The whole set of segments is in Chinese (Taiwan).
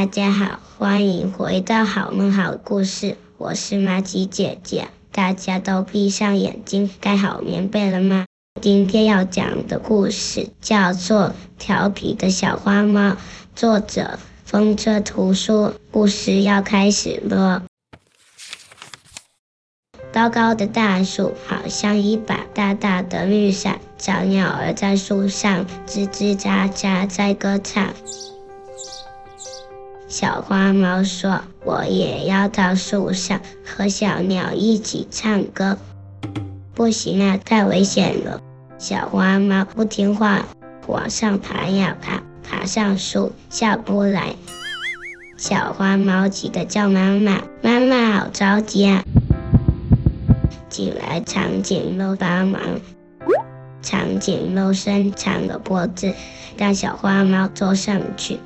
大家好，歡迎回到《好夢好故事》，我是麻吉姐姐。大家都閉上眼睛，蓋好棉被了嗎？今天要講的故事叫做《調皮的小花貓》，作者：風車圖書。故事要開始了。高高的大樹好像一把大大的綠傘，小鳥兒在樹上吱吱喳喳喳在歌唱。小花貓說：“我也要到樹上和小鳥一起唱歌。”“不行啊，太危險了！”小花貓不聽話，往上爬呀爬，爬上樹下不來。小花貓急得叫媽媽：“媽媽，好着急啊！”請來長頸鹿幫忙。長頸鹿伸長了脖子，讓小花貓坐上去。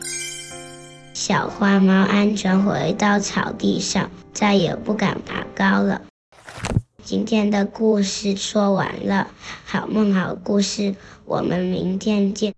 小花貓安全回到草地上，再也不敢爬高了。今天的故事說完了，好夢好故事，我們明天見。